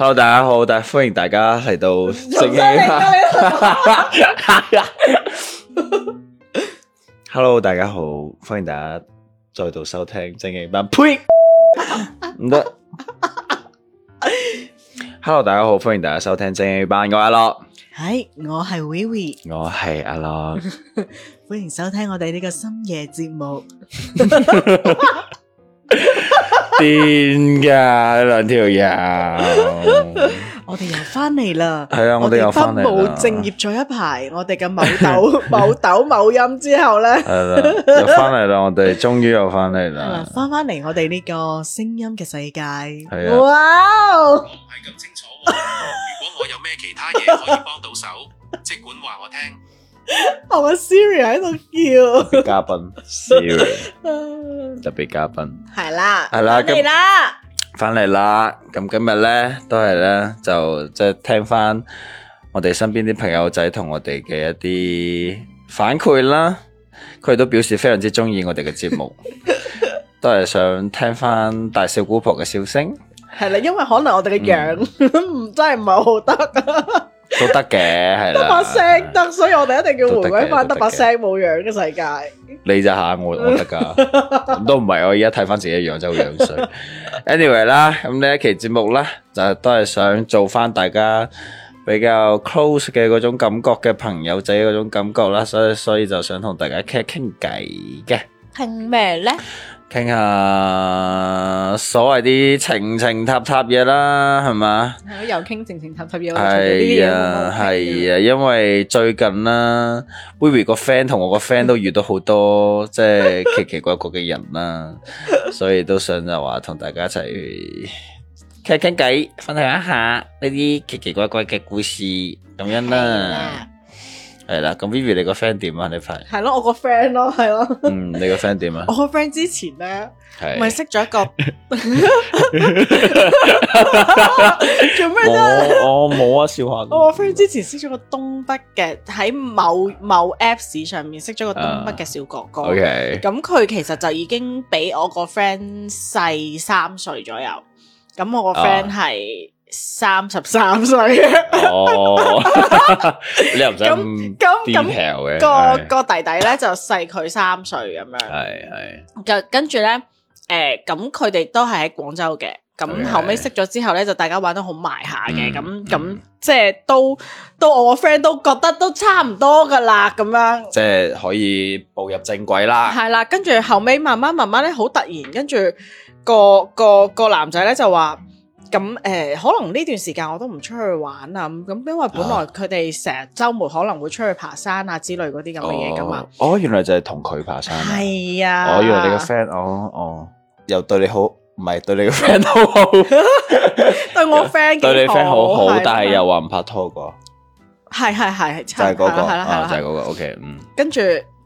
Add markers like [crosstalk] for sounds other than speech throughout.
Hello，大家好，大歡迎大家嚟到正英班。 [laughs] Hello 大家好，歡迎大家再度收聽正英班。呸，唔得。Hello，大家好，歡迎大家收聽正英班。我阿樂，係、hey，我係 Willie 我係阿樂， [laughs] 歡迎收聽我哋呢個深夜節目。 [laughs] [laughs] 癲 [laughs] 噶個，兩條嘢，我哋又翻嚟啦。係 [laughs] 啊， [laughs] [laughs] [laughs] [laughs] 我哋又翻嚟啦。正業咗一排，我哋嘅某抖、某抖、某音之後咧，又翻嚟啦。我哋終於又翻嚟啦，翻翻嚟我哋呢個聲音嘅世界。係啊，哇我唔係咁清楚，如果我有咩其他嘢可以幫到手，即管話我聽。我個 Siri 喺度叫特別嘉賓，Siri 特別嘉賓係啦，係啦，翻嚟啦，翻嚟啦，咁今日咧都係咧就即係聽翻我哋身邊啲朋友仔同我哋嘅一啲反饋啦，佢哋都表示非常之中意我哋嘅節目，都係想聽翻大笑姑婆嘅笑聲，係啦，因為可能我哋嘅樣真係唔係好得。都得嘅，係啦，得把聲得，所以我哋一定要回歸翻得把聲冇樣嘅世界。你就吓我，我得噶，都唔係我而家睇翻自己樣就樣衰。Anyway 啦，咁呢一期節目咧就都係想做翻大家比較 close 嘅嗰種感覺嘅朋友仔嗰種感覺啦，所以所以就想同大家傾傾偈嘅。傾咩咧？傾下所謂啲情情塔塔嘢啦，係嘛？係咯，又傾情情塔塔嘢。係 [music] 啊，係啊，因為最近啦，Vivi 個 friend 同我個 friend 都遇到好多 [laughs] 即係奇奇怪怪嘅人啦， [laughs] 所以都想就話同大家一齊傾傾偈，分享一,一下呢啲奇奇怪怪嘅故事咁樣啦。 [music] 係啦，咁 Vivi 你個 friend 點啊？你排係咯，我個 friend 咯，係咯。嗯，你個 friend 點啊？我個 friend 之前咧，咪是識咗一個 [laughs] [laughs] 做咩啫？我我冇啊，笑下。我個 friend 之前識咗個東北嘅，喺某某 Apps 上面識咗個東北嘅小哥哥。Uh, OK，咁佢其實就已經比我個 friend 細三歲左右。咁我個 friend 係。Uh. 三十三歲，哦，你又唔使，咁咁咁個個弟弟咧就細佢三歲咁樣，係係，就，就跟住咧，誒，咁佢哋都係喺廣州嘅，咁後尾識咗之後咧，就大家玩得好埋下嘅，咁咁即係都都我個 friend 都覺得都差唔多噶啦，咁樣，即係可以步入正軌啦，係啦，跟住後尾，慢慢慢慢咧，好突然，跟住個個個男仔咧就話。咁誒，可能呢段時間我都唔出去玩啊，咁因為本來佢哋成日週末可能會出去爬山啊之類嗰啲咁嘅嘢噶嘛。哦，原來就係同佢爬山。係呀。我以為你個 friend，哦哦，又對你好，唔係對你個 friend 好好。對我 friend。對你 friend 好好，但係又話唔拍拖過。係係係，就係嗰個，係啦就係嗰個。OK，嗯。跟住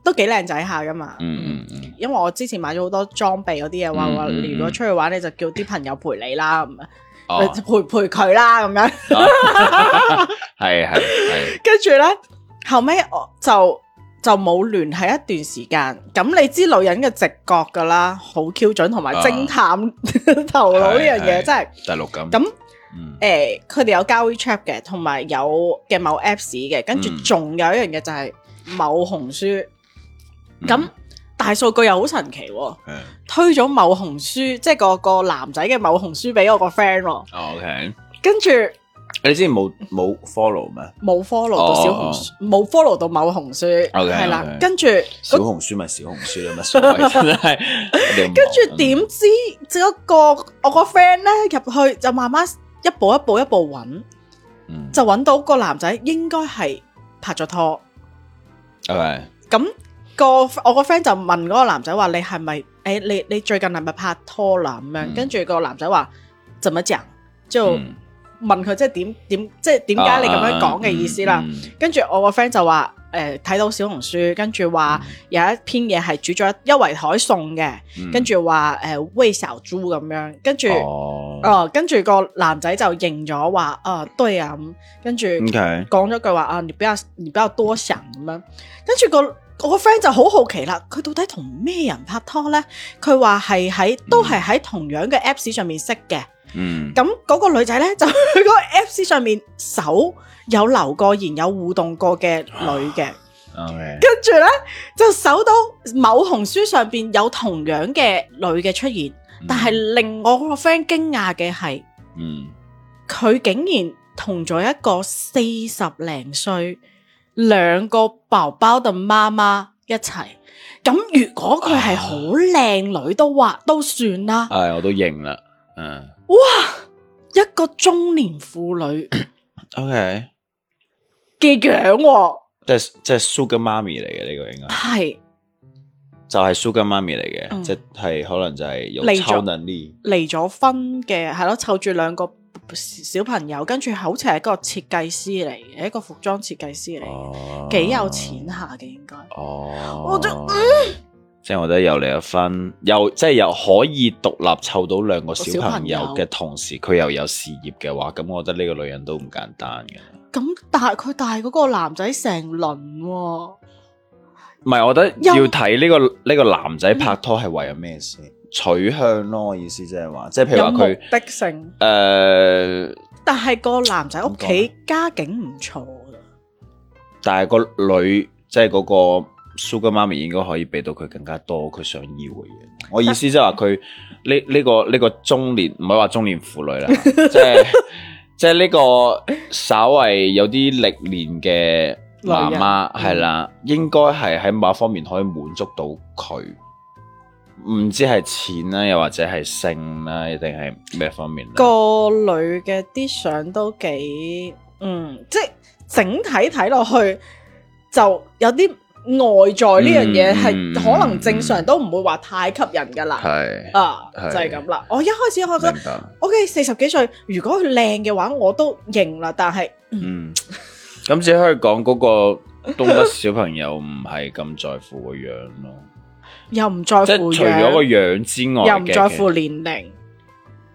都幾靚仔下噶嘛。嗯嗯嗯。因為我之前買咗好多裝備嗰啲嘢，話話如果出去玩，你就叫啲朋友陪你啦咁。Oh. 陪陪佢啦，咁樣，係係係。跟住咧，後尾我就就冇聯繫一段時間。咁你知女人嘅直覺噶啦，好精準同埋偵探頭腦呢樣嘢，oh. 真係。真第六感。咁，誒、嗯，佢哋、欸、有交 WeChat 嘅，同埋有嘅某 Apps 嘅，跟住仲有一樣嘢就係某紅書。咁、嗯。大數據又好神奇，推咗某紅書，即係個男仔嘅某紅書俾我個 friend 咯。OK 跟住你之前冇冇 follow 咩？冇 follow 到小紅書，冇 follow 到某紅書，係啦。跟住小紅書咪小紅書咯，乜嘢？係跟住點知？只有一個我個 friend 咧入去，就慢慢一步一步一步揾，就揾到個男仔應該係拍咗拖。係咁。個我個 friend 就問嗰個男仔話，哎：你係咪誒？你你最近係咪拍拖啦？啊？咁樣。嗯，跟住個男仔話：怎麼着？就問佢即係點點即係點解你咁樣講嘅意思啦？啊嗯，跟住我個 friend 就話：誒，呃，睇到小紅書，跟住話有一篇嘢係煮咗一圍海餸嘅，跟住話誒，喂小豬咁樣，跟住哦，哦，跟住個男仔就認咗話：哦，對啊，跟住講咗句話：啊，你不要你不要多想咁樣，跟住，那個。我個 friend 就好好奇啦，佢到底同咩人拍拖呢？佢話係喺都係喺同樣嘅 Apps 上面識嘅。嗯，咁嗰個女仔呢就去嗰個 Apps 上面搜有留過言、有互動過嘅女嘅。O.K. 跟住呢就搜到某紅書上邊有同樣嘅女嘅出現，但係令我個 friend 驚訝嘅係，嗯，佢竟然同咗一個四十零歲。兩個寶寶同媽媽一齊，咁如果佢係好靚女都話都算啦。係、哎，我都認啦，嗯。哇，一個中年婦女，OK 嘅樣、哦即，即係即係 Sugar 媽咪嚟嘅呢個應該係，是就係 Sugar 媽咪嚟嘅，嗯、即係可能就係有超能力，離咗婚嘅係咯，湊住兩個。小朋友跟住好似係一個設計師嚟嘅，一個服裝設計師嚟嘅，幾、哦、有錢下嘅應該。哦，我呃、即係我覺得又離咗婚，又即係又可以獨立湊到兩個小朋友嘅同時，佢又有事業嘅話，咁我覺得呢個女人都唔簡單嘅。咁大佢大嗰個男仔成輪喎、啊，唔係，我覺得要睇呢、呢個呢又個男仔拍拖係為咗咩先。嗯取向咯，我意思即係話，即係譬如話佢，的性，誒，但係個男仔屋企家境唔錯嘅。但係個女，即係嗰個 Sugar 媽咪，應該可以俾到佢更加多佢想要嘅嘢。我意思即係話，佢呢呢個呢個中年，唔好話中年婦女啦，即係即係呢個稍為有啲歷練嘅媽媽係啦，嗯、應該係喺某方面可以滿足到佢。唔知係錢啦，又或者係性啦，定係咩方面？個女嘅啲相都幾，嗯，即係整體睇落去就有啲外在呢樣嘢係可能正常都唔會話太吸引噶啦，係、嗯嗯、啊，就係咁啦。我一開始我覺得，O K，四十幾歲如果佢靚嘅話我都認啦，但係，嗯，咁、嗯、只可以講嗰個東北小朋友唔係咁在乎個樣咯。 [laughs] 又唔在乎，除咗個樣之外，又唔在乎年齡，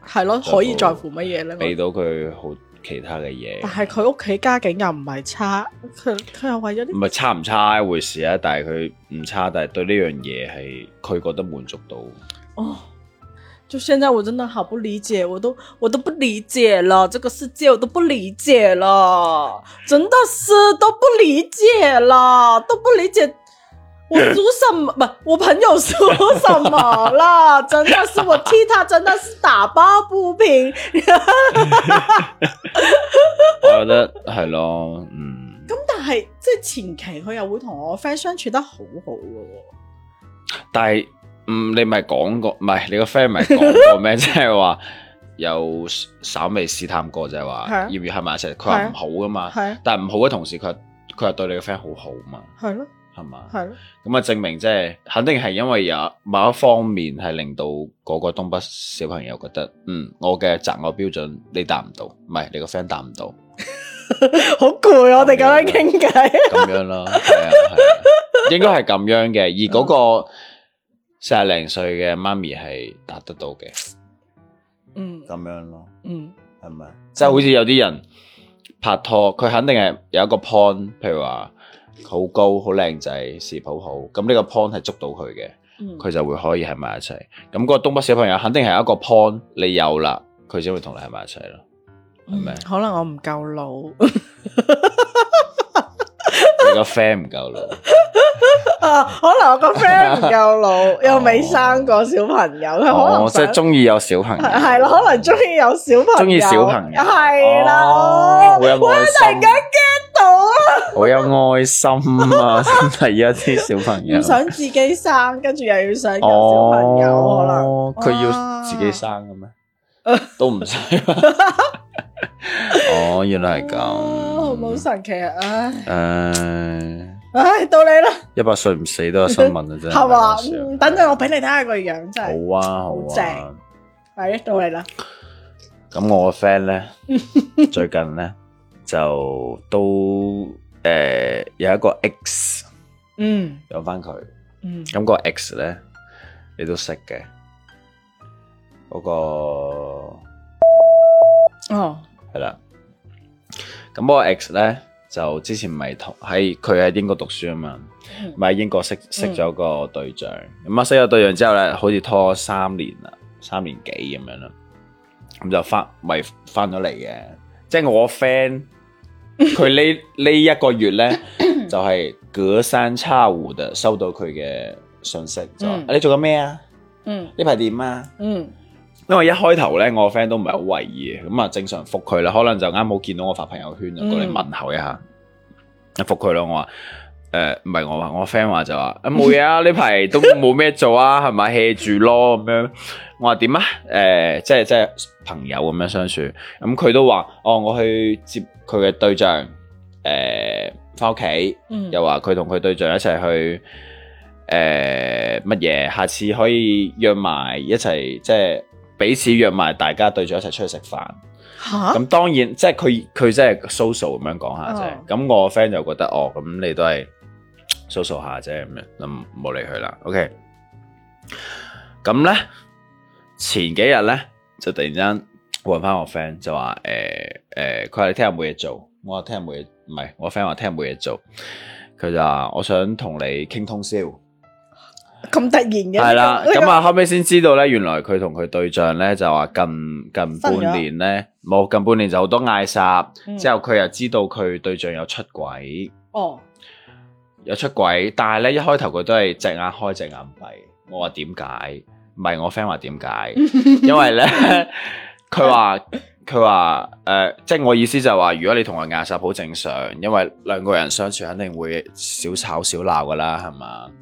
係咯，可以在乎乜嘢咧？俾到佢好其他嘅嘢，但係佢屋企家境又唔係差，佢佢又為咗啲、這個。唔係差唔差一回事啊！但係佢唔差，但係對呢樣嘢係佢覺得滿足到。哦，就現在我真的好不理解，我都我都不理解了，這個世界我都不理解了，真的是都不理解了，都不理解。我說什麼？唔係，我朋友說什麼了？真的是我替他，真的是打抱不平。 [laughs] 我覺得係咯，嗯。咁但係，即係前期佢又會同我 friend 相處得好好噶。但係，嗯，你咪講過，唔係你個 friend 咪講過咩？即係話有稍微試探過就係、是、話，啊、要唔要係埋一齊佢話唔好噶嘛。係、啊、但係唔好嘅同時，佢佢又對你個 friend 好好嘛。係咯、啊。係嘛？係咯。咁啊的，證明即係、就是、肯定係因為有某一方面係令到嗰個東北小朋友覺得，嗯，我嘅擇偶標準你達唔到，唔係你個 friend 達唔到。 [laughs] 好攰累，嗯、我哋咁樣傾偈。咁樣咯，係 [laughs] 啊，啊，啊，應該係咁樣嘅。而嗰個四十零歲嘅媽咪係達得到嘅。嗯，咁樣咯，嗯，係咪？即係好似有啲人拍拖，佢肯定係有一個 point，譬如話。好高好靚仔，是譜好，咁呢個 point 係捉到佢嘅，佢、嗯、就會可以係埋一齊。咁、那、嗰個東北小朋友肯定係一個 point，你有啦，佢先會同你係埋一齊咯，係咪、嗯？是，是可能我唔夠老。 [laughs] 個 friend 唔夠老，啊，可能我個 friend 唔夠老，又未生過小朋友，可能我真係中意有小朋友，係咯，可能中意有小朋友，中意小朋友，係啦，我突然間 get 到，好有愛心啊，真係一啲小朋友，唔想自己生，跟住又要想有小朋友，可能佢要自己生嘅咩，都唔想，哦，原來係咁。冇神奇啊！唉，唉，到你啦！一百歲唔死都有新聞嘅啫。係嘛？等陣我俾你睇下個樣，真係好啊，好正。係啊，到你啦。咁我個 friend 咧，最近咧就都誒有一個 X，嗯，講翻佢，嗯，咁個 X 咧你都識嘅，嗰個哦，係啦。咁我 X 咧就之前咪同喺佢喺英國讀書啊嘛，咪喺、嗯、英國識識咗個對象，咁啊、嗯、識咗對象之後咧，好似拖三年啦，三年幾咁樣啦，咁就翻咪翻咗嚟嘅，即係我 friend 佢呢呢一個月咧就係、是、隔三差五就收到佢嘅信息，就話你做緊咩啊？嗯，呢排點啊？嗯。因為一開頭咧，我個 friend 都唔係好為意嘅，咁啊正常復佢啦，可能就啱冇見到我發朋友圈就，嗯、過嚟問候一下，一復佢啦，我話，誒唔係我話，我 friend 話就話，冇嘢啊，呢排，啊、都冇咩做啊，係咪 hea 住咯咁樣？我話點啊？誒、呃，即係即係朋友咁樣相處，咁、嗯、佢都話，哦，我去接佢嘅對象，誒翻屋企，嗯、又話佢同佢對象一齊去，誒乜嘢？下次可以約埋一齊，即係。彼此約埋大家對住一齊出去食飯，咁哈當然即係佢佢真係 social 咁樣講下啫。咁我 friend 就覺得哦，咁你都係 social 下啫咁樣，咁唔好理佢啦。OK，咁咧前幾日咧就突然間揾翻我 friend 就話誒誒，佢話你聽日冇嘢做？我話聽日冇嘢，唔係我 friend 話聽日冇嘢做，佢就話我想同你傾通宵。咁突然嘅係啦，咁啊 [noise] 後屘先知道咧，原來佢同佢對象咧就話近近半年咧冇了近半年就好多嗌殺，嗯、之後佢又知道佢對象有出軌，哦，有出軌，但係咧一開頭佢都係隻眼開隻眼閉，我話點解？唔係我 friend 話點解？ [laughs] 因為咧佢話佢話誒，即係我意思就係話，如果你同佢嗌殺，好正常，因為兩個人相處肯定會小吵小鬧噶啦，係嘛？嗯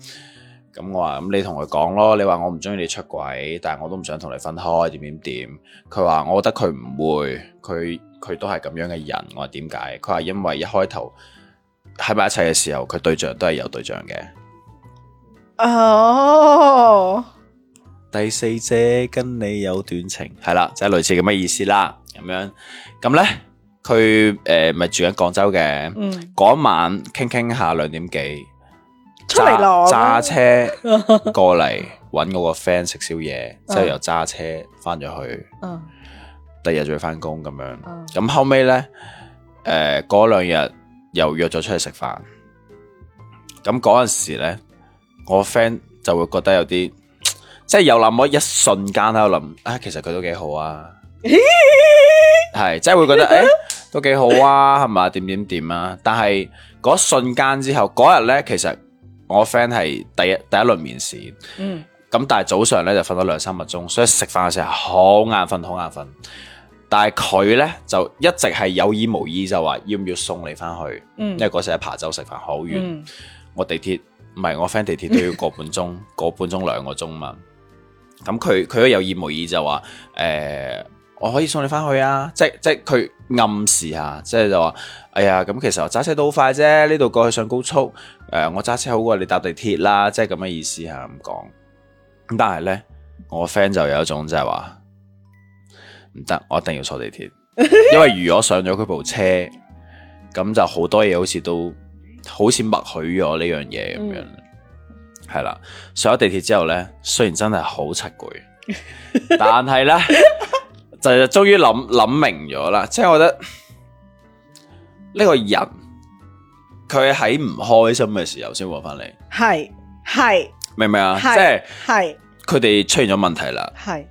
咁我話咁你同佢講咯，你話我唔中意你出軌，但係我都唔想同你分開，點點點。佢話我覺得佢唔會，佢佢都係咁樣嘅人。我話點解？佢話因為一開頭喺埋一齊嘅時候，佢對象都係有對象嘅。哦，第四者跟你有短情，係啦，就係、是、類似咁嘅意思啦，咁樣。咁呢，佢誒唔係住喺廣州嘅。嗰、嗯、晚傾傾下兩點幾。揸車過嚟搵 [laughs] 我個 friend 食宵夜，之後又揸車翻咗去。第二 [laughs] 日再翻工咁樣。咁 [laughs] 後尾呢，誒、呃，嗰兩日又約咗出去食飯。咁嗰陣時呢，我 friend 就會覺得有啲，即係有那麼一瞬間喺度諗，啊、哎，其實佢都幾好啊。係， [laughs] 即、就、係、是、會覺得誒、哎，都幾好啊，係咪？點點點啊！但係嗰瞬間之後，嗰日呢，其實。我 friend 係第一第一輪面試，咁、嗯、但係早上咧就瞓咗兩三個鐘，所以食飯嘅時候好眼瞓，好眼瞓。但係佢咧就一直係有意無意就話，要唔要送你翻去？嗯、因為嗰時喺琶洲食飯好遠，我地鐵唔係我 friend 地鐵都要個半鐘，嗯、個半鐘兩個鐘嘛。咁佢佢都有意無意就話，誒、呃，我可以送你翻去啊！即即佢。暗示下，即係就話、是，哎呀，咁其實我揸車都好快啫，呢度過去上高速，誒、呃，我揸車好過你搭地鐵啦，即係咁嘅意思吓，咁講。咁但係咧，我 friend 就有一種即係話唔得，我一定要坐地鐵，因為如果上咗佢部車，咁就多好多嘢好似都好似默許咗呢樣嘢咁樣，係啦、mm.，上咗地鐵之後咧，雖然真係好七攰，但係咧。 [laughs] 就係終於諗諗明咗啦，即係我覺得呢、這個人佢喺唔開心嘅時候先搵翻你，係係明唔明啊？是即係佢哋出現咗問題啦，係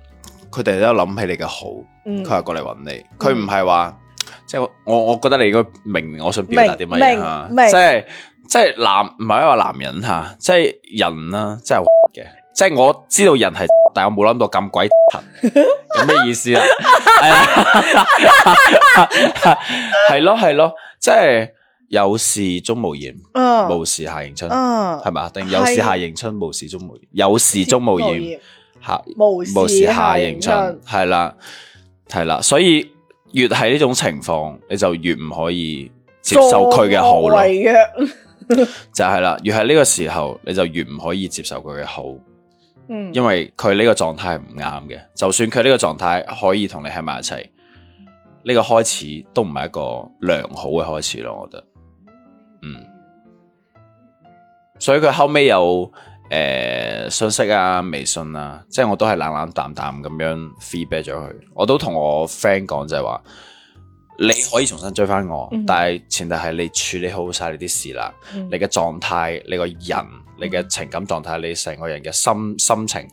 佢哋都諗起你嘅好，佢係、嗯、過嚟搵你，佢唔係話即係我我覺得你應該明，我想表達啲乜嘢啊？即係即係男唔係一個男人吓，即係人啦，即係嘅。即係我知道人係，但係我冇諗到咁鬼貧、 [laughs] [laughs] [laughs] 就是，有咩意思啊？係咯係咯，即係有事鍾無艷，無事夏迎春，係咪？定有事夏迎春，無事鍾無艷，有事鍾無艷，無無事夏迎春，係啦，係啦，所以越係呢種情況，你就越唔可以接受佢嘅好啦。為 [laughs] [laughs] 就係啦，越係呢個時候，你就越唔可以接受佢嘅好。嗯，因為佢呢個狀態係唔啱嘅，就算佢呢個狀態可以同你喺埋一齊，呢、這個開始都唔係一個良好嘅開始咯，我覺得。嗯，所以佢後尾有誒、呃、信息啊、微信啦、啊，即係我都係冷冷淡淡咁樣 feedback 咗佢，我都同我 friend 講就係話。你可以重新追翻我，mm hmm. 但係前提係你處理好晒你啲事啦，mm hmm. 你嘅狀態、你個人、你嘅情感狀態、mm hmm. 你成個人嘅心、mm hmm. 心情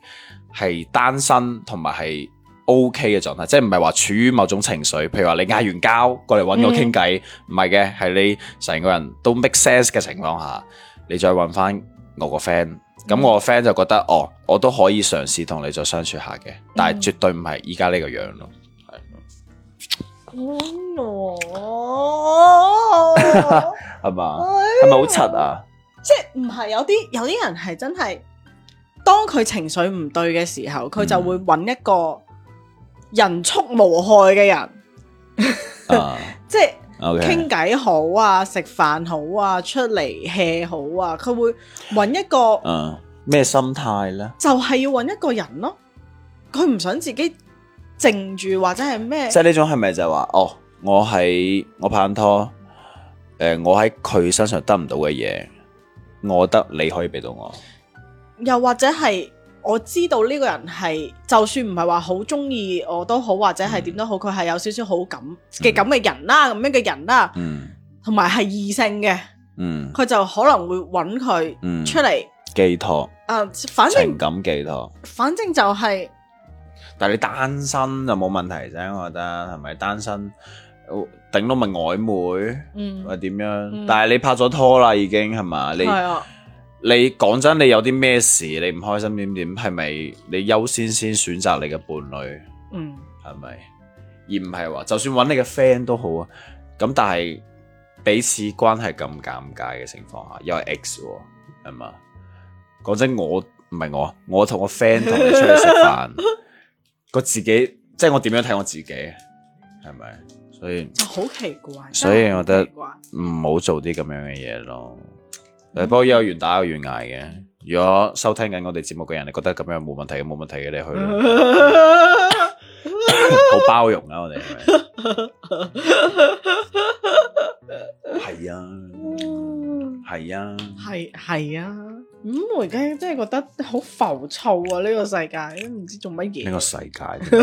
係單身同埋係 OK 嘅狀態，即係唔係話處於某種情緒，譬如話你嗌完交過嚟揾我傾偈，唔係嘅，係、hmm. 你成個人都 make sense 嘅情況下，你再揾翻我個 friend，咁我個 friend 就覺得哦，我都可以嘗試同你再相處下嘅，但係絕對唔係依家呢個樣咯。Mm mm hmm. 嗯，哦，係嘛？係咪好柒啊？即係唔係有啲有啲人係真係，當佢情緒唔對嘅時候，佢就會揾一個人畜無害嘅人，即係傾偈好啊，食飯好啊，出嚟 hea 好啊，佢會揾一個，嗯，咩心態呢？就係要揾一個人咯，佢唔想自己。靜住或者係咩？即係呢種係咪就係話哦？我喺我拍緊拖，誒、呃，我喺佢身上得唔到嘅嘢，我得你可以俾到我。又或者係我知道呢個人係，就算唔係話好中意我都好，或者係點都好，佢係有少少好感嘅咁嘅人啦，咁樣嘅人啦，嗯，同埋係異性嘅，嗯，佢、嗯、就可能會揾佢出嚟、嗯、寄託，誒、呃，反正情感寄託，反正就係、是。但你單身就冇問題啫，我覺得係咪？係咪單身頂多咪曖昧，嗯、或點樣？嗯、但係你拍咗拖啦，已經係嘛、嗯？你你講真，你有啲咩事？你唔開心點點？係咪你優先先選擇你嘅伴侶？嗯，係咪？而唔係話，就算揾你嘅 friend 都好啊。咁但係彼此關係咁尷尬嘅情況下，又係 X 喎，係嘛？講真，我唔係我，我同個 friend 同你出去食飯。 [laughs] 個自己，即係我點樣睇我自己，係咪？所以就好、哦、奇怪，所以我覺得唔好做啲咁樣嘅嘢咯。誒、嗯，不過有願打有願挨嘅，如果收聽緊我哋節目嘅人，你覺得咁樣冇問題，冇問題嘅，你去咯，好、嗯、 [laughs] 包容啊！我哋係咪？係、嗯、啊。係啊，係係啊，咁、嗯、我而家真係覺得好浮躁啊！呢個世界都唔知做乜嘢。呢個世界，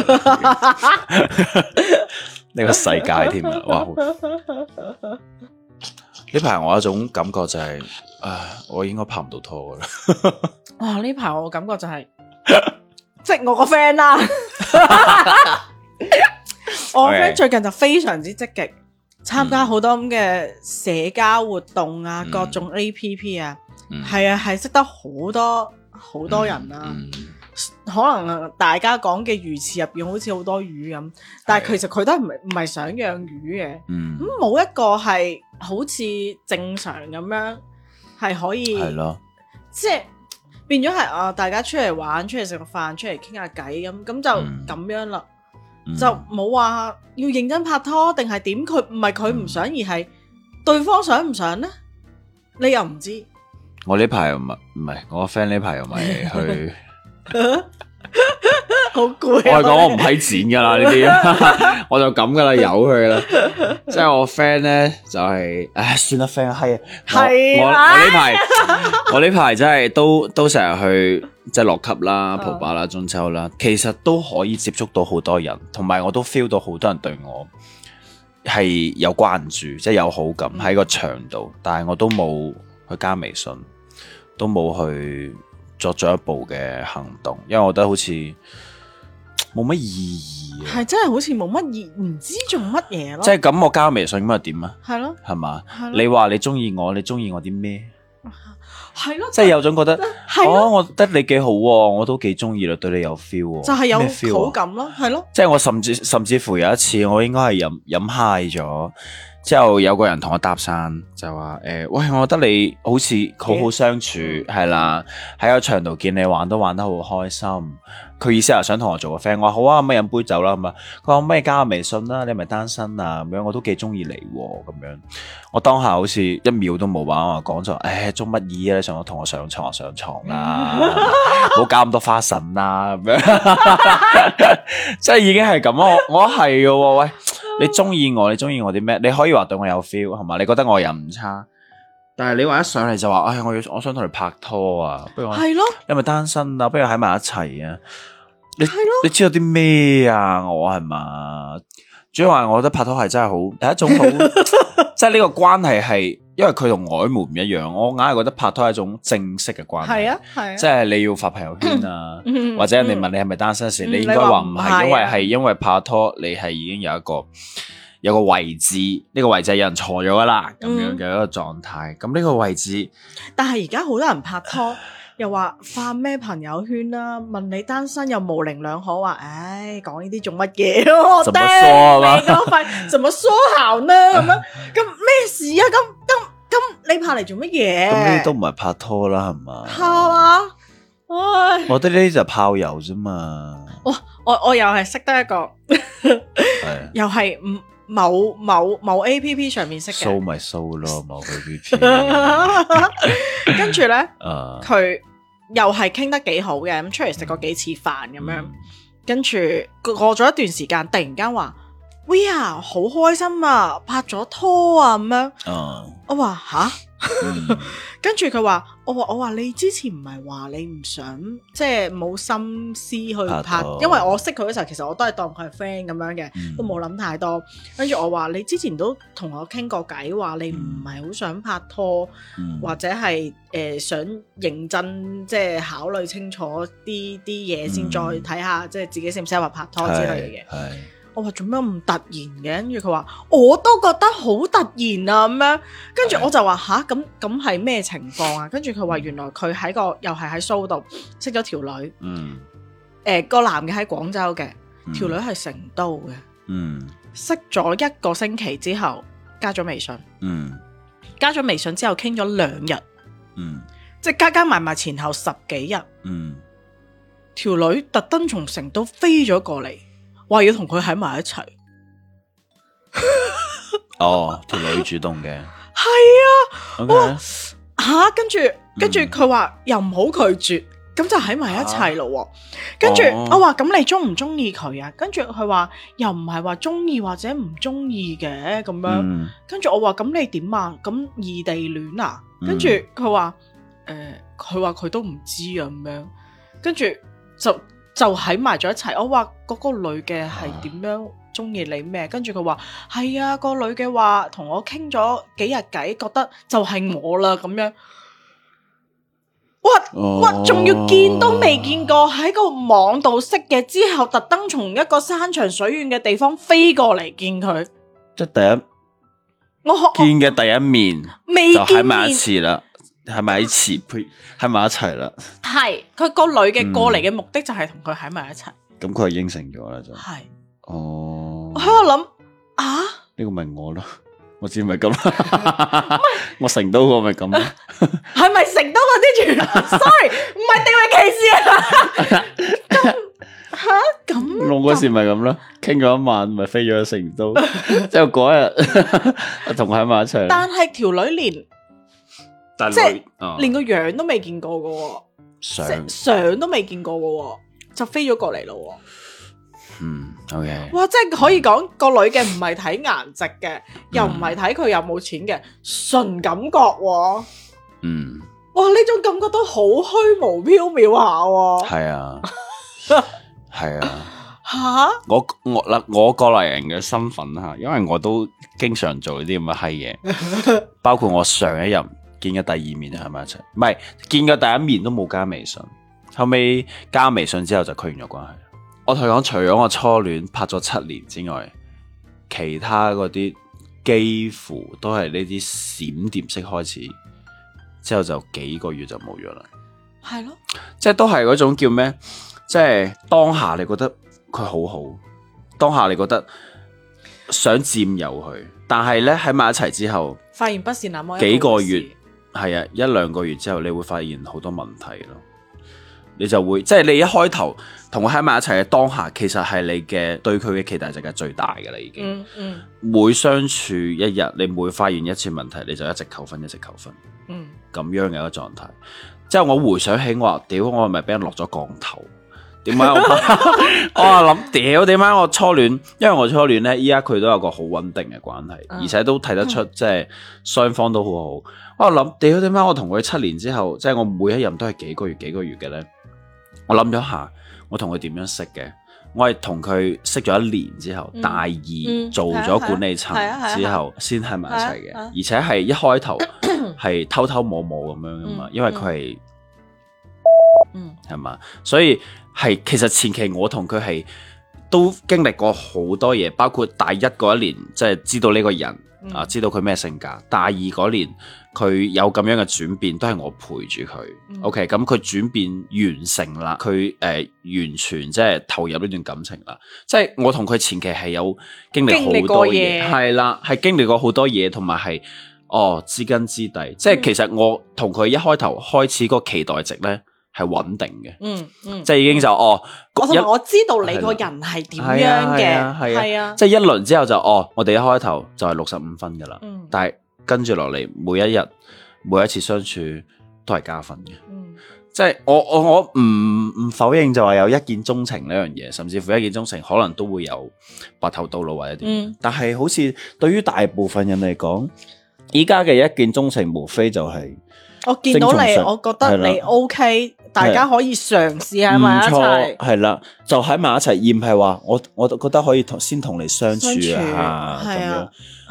呢個世界添啊！ [laughs] [laughs] 哇，呢排我一種感覺就係、是，唉，我應該拍唔到拖噶啦。 [laughs] 哇，呢排我感覺就係、是，即係 [laughs] 我個 friend 啦， [laughs] [laughs] Okay. 我個 friend 最近就非常之積極。參加好多咁嘅社交活動啊，嗯、各種 A P P 啊，係、嗯、啊，係識得好多好多人啊。嗯嗯、可能大家講嘅魚池入邊好似好多魚咁，的但係其實佢都唔係唔係想養魚嘅。咁冇、嗯、一個係好似正常咁樣，係可以係咯，的即係變咗係啊！大家出嚟玩，出嚟食個飯，出嚟傾下偈咁，咁就咁樣啦。嗯嗯就冇話要認真拍拖定係點？佢唔係佢唔想，嗯、而係對方想唔想咧？你又唔知我？我呢排又唔係唔係，我 friend 呢排又唔係去，好攰。我係講我唔係賤噶啦呢啲，我就咁噶啦，由佢啦。即係我 friend 咧，就係唉，算啦，friend 係啊，係。我呢排我呢排真係都都成日去。即係落級啦、蒲巴啦、中秋啦，其實都可以接觸到好多人，同埋我都 feel 到好多人對我係有關注，即係有好感喺個場度，但係我都冇去加微信，都冇去作咗一步嘅行動，因為我覺得好似冇乜意義。係真係好似冇乜意義，唔知做乜嘢咯。即係咁，我加微信咁又點啊？係咯，係嘛？你話你中意我，你中意我啲咩？係咯，即係有種覺得，的哦，我覺得你幾好，啊，我都幾中意啦，對你有 feel、啊，就係有好感咯，啊，係咯，啊。的即係我甚至甚至乎有一次，我應該係飲飲 high 咗，之後有個人同我搭訕，就話誒，欸，喂，我覺得你好似好好相處，係啦的，喺個場度見你玩都玩得好開心。佢意思係想同我做個 friend，我話好啊，可唔可以飲杯酒啦咁啊，佢話咩加下微信啦，你係咪單身啊咁樣？我都幾中意你咁、啊、樣，我當下好似一秒都冇話我話講咗，誒、哎，做乜嘢呀？你上想同我上床上床啦、啊，冇搞咁多花神啦、啊、咁樣，即係 [laughs] [laughs] 已經係咁咯，我係嘅，喂，你中意我，你中意我啲咩？你可以話對我有 feel 係嘛？你覺得我人唔差？但係你話一上嚟就話，哎，我要我想同你拍拖啊，不如係咯，是的 你係咪單身啊？不如喺埋一齊啊？你係咯？是的 你知道啲咩啊？我係嘛？主要話我覺得拍拖係真係好，第一種好，即係呢個關係係，因為佢同曖昧唔一樣。我硬係覺得拍拖係一種正式嘅關係啊，係啊，即係你要發朋友圈啊，嗯、或者你問你係咪單身時，嗯、你應該話唔係，因為係因為拍拖，你係已經有一個。有個位置，呢、這個位置有人坐咗噶啦，咁樣嘅一個狀態。咁呢、嗯、個位置，但係而家好多人拍拖，又話發咩朋友圈啦、啊？問你單身又模棱兩可，話、哎、唉，講呢啲做乜嘢？我、哎、得，你個肺！怎麼說好呢？咁 [laughs] 樣咁咩事啊？咁咁咁你拍嚟做乜嘢？咁呢啲都唔係拍拖啦，係嘛？炮啊吧！唉，我啲呢啲就炮友啫嘛。哇！我我，我又係識得一個， [laughs] 的又係唔～某某某 A P P 上面識嘅，收咪收咯，某佢啲錢。跟住咧，佢又係傾得幾好嘅，咁出嚟食過幾次飯咁樣，嗯、跟住過咗一段時間，突然間話。喂啊！好開心啊，拍咗拖啊咁樣，oh。 [laughs] 我話吓，跟住佢話我話我話，你之前唔係話你唔想，即係冇心思去拍。拍拖因為我識佢嘅時候，其實我都係當佢係 friend 咁樣嘅，嗯、都冇諗太多。跟住我話你之前都同我傾過偈，話你唔係好想拍拖，嗯、或者係誒、呃、想認真即係考慮清楚啲啲嘢先再，再睇下即係自己識唔識話拍拖之類嘅。對我話做咩咁突然嘅？跟住佢話我都覺得好突然啊！咁樣，跟住我就話吓咁咁係咩情況啊？況跟住佢話原來佢喺個又係喺蘇度識咗條女，誒、嗯呃、個男嘅喺廣州嘅，條、嗯、女係成都嘅，識咗、嗯、一個星期之後加咗微信，嗯、加咗微信之後傾咗兩日，嗯、即係加加埋埋前後十幾日，條、嗯、女特登從成都飛咗過嚟。話要同佢喺埋一齊。 [laughs] 哦，條女主動嘅。係 [laughs] 啊。Okay. 我吓、啊，跟住跟住佢話又唔好拒絕，咁就喺埋一齊咯。跟住、嗯、我話咁你中唔中意佢啊？嗯、跟住佢話又唔係話中意或者唔中意嘅咁樣。跟住我話咁你點啊？咁異地戀啊？跟住佢話誒，佢話佢都唔知咁樣。跟住就。就喺埋咗一齊。我話嗰個女嘅係點樣中意、啊、你咩？跟住佢話係啊，個女嘅話同我傾咗幾日偈，覺得就係我啦咁樣。哇哇，仲、哦、要見都未見過，喺個網度識嘅，之後，特登從一個山長水遠嘅地方飛過嚟見佢。即係第一，我見嘅第一面，未見埋一次啦。係咪喺齊，配喺埋一齊啦。係佢個女嘅過嚟嘅目的就係同佢喺埋一齊。咁佢係應承咗啦，就係。哦，喺度諗啊，呢個咪我咯，我知咪咁，我成都個咪咁，係咪成都嗰啲？Sorry，唔係地域歧視啊。咁，我嗰時咪咁咯，傾咗一晚，咪飛咗去成都，就嗰日同佢喺埋一齊。但係條女連。即係連個樣都未見過嘅，哦、相相都未見過嘅，就飛咗過嚟咯。嗯，OK。Okay，哇，即係可以講、嗯、個女嘅唔係睇顏值嘅，嗯、又唔係睇佢有冇錢嘅，純感覺。嗯，哇，呢種感覺都好虛無縹緲下。係啊，係啊。吓，我我啦，我過來人嘅身份啦，因為我都經常做啲咁嘅閪嘢， [laughs] 包括我上一任。見嘅第二面喺埋一齊，唔係見嘅第一面都冇加微信。後尾加微信之後就確認咗關係。我同佢講，除咗我初戀拍咗七年之外，其他嗰啲幾乎都係呢啲閃電式開始，之後就幾個月就冇咗啦。係咯的，即係都係嗰種叫咩？即係當下你覺得佢好好，當下你覺得想佔有佢，但係呢，喺埋一齊之後，發現不是那麼幾個月。係啊，一兩個月之後你會發現好多問題咯，你就會即係你一開頭同佢喺埋一齊嘅當下，其實係你嘅對佢嘅期待值係最大嘅啦，已經。嗯，嗯。每相處一日，你每發現一次問題，你就一直扣分，一直扣分。嗯。咁樣嘅一個狀態，之後我回想起我話屌，我係咪俾人落咗降頭？點解我 [laughs] [laughs] 我啊諗屌？點解我初戀？因為我初戀呢，依家佢都有個好穩定嘅關係，而且都睇得出即係雙方都好好。啊嗯我諗，屌點解我同佢七年之後，即係我每一任都係幾個月幾個月嘅咧？我諗咗下，我同佢點樣識嘅？我係同佢識咗一年之後，嗯、大二做咗管理層之後先喺埋一齊嘅。啊啊、而且係一開頭係偷偷摸摸咁樣噶嘛，嗯、因為佢係，嗯，係嘛，所以係其實前期我同佢係都經歷過好多嘢，包括大一嗰一年，即係知道呢個人、嗯、啊，知道佢咩性格，大二嗰年。佢有咁樣嘅轉變，都係我陪住佢。嗯、OK，咁佢轉變完成啦，佢誒、呃、完全即係投入呢段感情啦。即係我同佢前期係有經歷好多嘢，係啦，係、啊、經歷過好多嘢，同埋係哦知根知底。即係其實我同佢一開頭開始嗰個期待值咧係穩定嘅、嗯，嗯即係已經就哦，同埋我，我知，知道你個人係點樣嘅，係、嗯嗯、啊，即係、啊啊啊啊、一輪之後就哦，我哋一開頭就係六十五分噶啦，嗯、但係。跟住落嚟，每一日、每一次相處都係加分嘅。嗯、即係我我我唔唔否認就話有一見鍾情呢樣嘢，甚至乎一見鍾情可能都會有白頭到老或者點。嗯、但係好似對於大部分人嚟講，依家嘅一見鍾情，無非就係我見到你，我覺得你 OK。大家可以嘗試下埋錯一齊，係啦，就喺埋一齊，而唔係話我，我都覺得可以同先同你相處啊，咁處樣。是啊、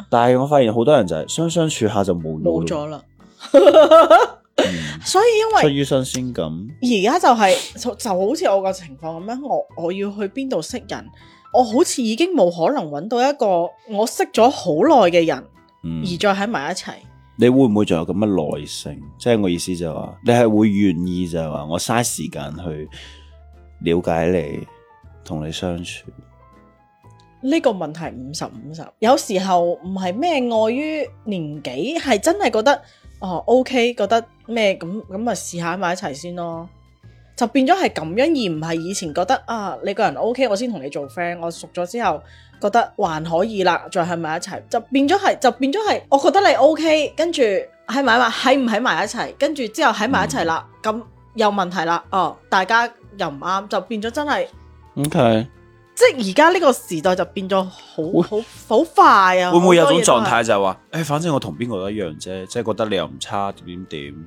但係我發現好多人就係相相處下就冇咗啦， [laughs] 嗯、所以因為出於新鮮感，而家就係、是、就，就好似我個情況咁樣，我我要去邊度識人，我好似已經冇可能揾到一個我識咗好耐嘅人，嗯、而再喺埋一齊。你會唔會仲有咁嘅耐性？即係我意思就話，你係會願意就話，我嘥時間去了解你，同你相處。呢個問題五十五十，有時候唔係咩礙於年紀，係真係覺得哦 OK，覺得咩咁咁咪試下埋一齊先咯。就變咗係咁樣，而唔係以前覺得啊，你個人 O、OK, K，我先同你做 friend。我熟咗之後，覺得還可以啦，再喺埋一齊。就變咗係，就變咗係，我覺得你 O K，跟住喺埋一埋，喺唔喺埋一齊？跟住之後喺埋一齊啦，咁有、嗯、問題啦。哦，大家又唔啱，就變咗真係。O Okay . K，即係而家呢個時代就變咗好會好快啊。會唔會有種狀態就話、是，誒、哎，反正我同邊個都一樣啫，即係覺得你又唔差點點點。怎樣怎樣